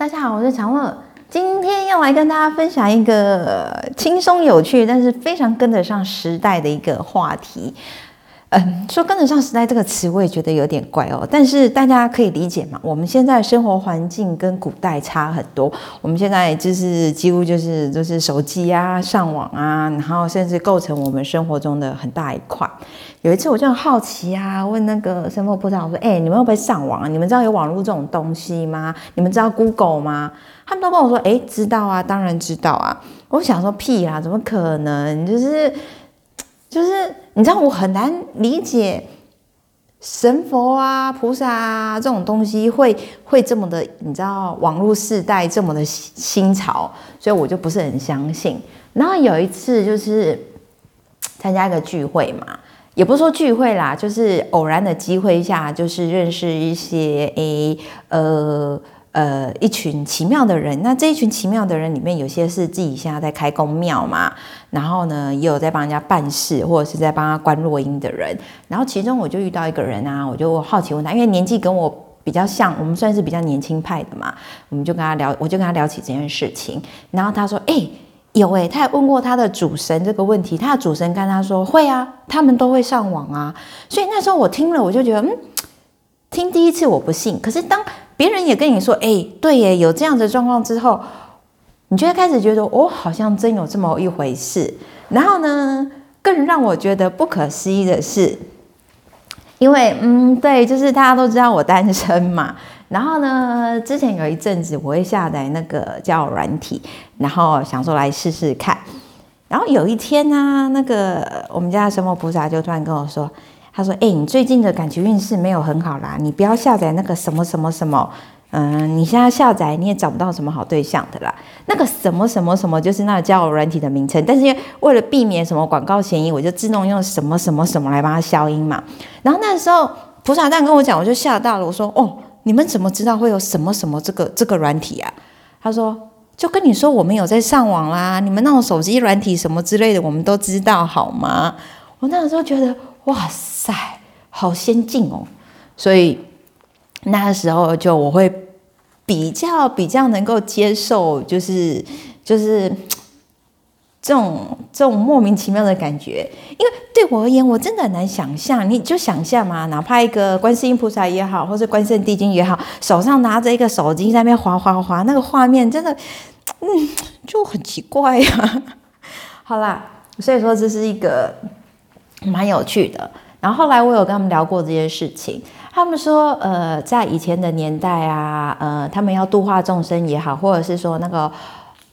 大家好，我是強樂，今天要來跟大家分享一個輕鬆有趣，但是非常跟得上時代的一個話題。嗯，說跟得上時代這個詞，我也覺得有點怪哦。但是大家可以理解嘛，我們現在生活環境跟古代差很多。我們現在就是幾乎就是就是手機啊、上網啊，然後甚至構成我們生活中的很大一塊。有一次我就很好奇啊，問那個生活部長我說：“哎、欸，你們會不會上網啊？你們知道有網絡這種東西嗎？你們知道 Google 嗎？”他們都跟我說：“哎、欸，知道啊，當然知道啊。”我想說：“屁啊，怎麼可能？就是。”就是你知道我很難理解神佛啊、菩薩啊這種東西會會這麼的，你知道網絡世代這麼的新潮，所以我就不是很相信。然後有一次就是參加一個聚會嘛，也不是說聚會啦，就是偶然的機會下，就是認識一些誒、欸、呃。呃，一群奇妙的人。那這一群奇妙的人裡面，有些是自己現在在開宮廟嘛，然後呢，也有在幫人家辦事，或者是在幫他關落陰的人。然後其中我就遇到一個人啊，我就好奇問他，因為年紀跟我比較像，我們算是比較年輕派的嘛，我們就跟他聊，我就跟他聊起這件事情。然後他說：“哎、欸，有哎、欸，他也問過他的主神這個問題，他的主神跟他說會啊，他們都會上網啊。”所以那時候我聽了，我就覺得，嗯，聽第一次我不信，可是當。別人也跟你說，誒、欸，對耶，有這樣子狀況之後，你就會開始覺得，哦，好像真有這麼一回事。然後呢，更讓我覺得不可思議的是，因為，嗯，對，就是大家都知道我單身嘛。然後呢，之前有一陣子，我會下載那個叫軟體，然後想說來試試看。然後有一天呢、啊，那個我們家的什麼菩薩就突然跟我說。他說：“哎、欸，你最近的感情運勢沒有很好啦，你不要下載那個什麼什麼什麼，嗯，你現在下載你也找不到什麼好對象的啦。那個什麼什麼什麼就是那個交友軟體的名稱，但是為，為了避免什麼廣告嫌疑，我就自動用什麼什麼什麼來幫他消音嘛。然後那時候菩薩這樣跟我講，我就嚇到了，我說：哦，你們怎麼知道會有什麼什麼這個這個軟體啊？他說：就跟你說，我們有在上網啦，你們那種手機軟體什麼之類的，我們都知道，好嗎？我那時候覺得。”哇塞，好先進哦！所以那時候就我會比較比較能夠接受，就是就是這種這種莫名其妙的感覺，因為對我而言，我真的很難想象。你就想象嘛，哪怕一個觀世音菩薩也好，或者關聖帝君也好，手上拿着一個手機在那邊滑滑滑，那個畫面真的嗯就很奇怪呀、啊。好啦，所以說這是一個。蠻有趣的，然後後來我有跟他們聊過這些事情，他們說，呃，在以前的年代啊，呃，他們要度化眾生也好，或者是說那個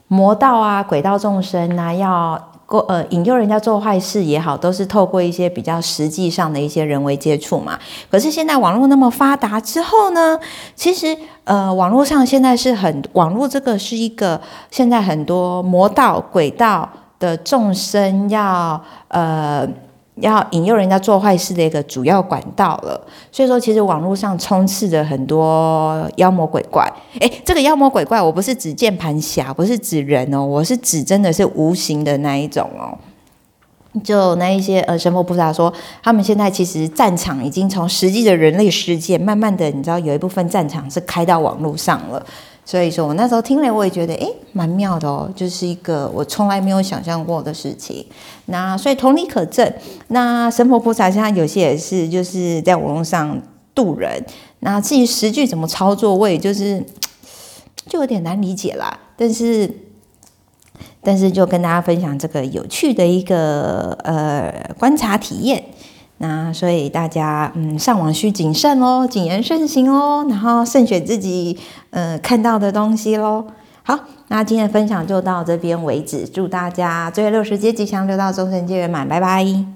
魔道啊、鬼道眾生啊，要過呃引誘人家做壞事也好，都是透過一些比較實際上的一些人為接觸嘛。可是現在網絡那麼發達之後呢，其實呃，網絡上現在是很網絡這個是一個現在很多魔道、鬼道的眾生要呃。要引誘人家做壞事的一個主要管道了，所以說其實網絡上充斥着很多妖魔鬼怪。誒，這個妖魔鬼怪，我不是指鍵盤俠，不是指人哦，我是指真的是無形的那一種哦。就那一些呃，神佛菩薩說，他們現在其實戰場已經從實際的人類世界，慢慢的你知道有一部分戰場是開到網絡上了。所以說我那時候聽了，我也覺得哎，蠻、欸、妙的哦、喔，就是一個我從來沒有想象過的事情。那所以同理可證，那神婆菩薩現在有些也是就是在網絡上渡人。那至於實際怎麼操作，我也就是就有點難理解啦。但是但是就跟大家分享這個有趣的一個呃觀察體驗。那所以大家，嗯，上網需謹慎哦，謹言慎行哦，然後慎選自己，呃，看到的東西咯，好，那今天的分享就到這邊為止，祝大家六月六十皆吉祥，六道眾生皆圓滿，拜拜。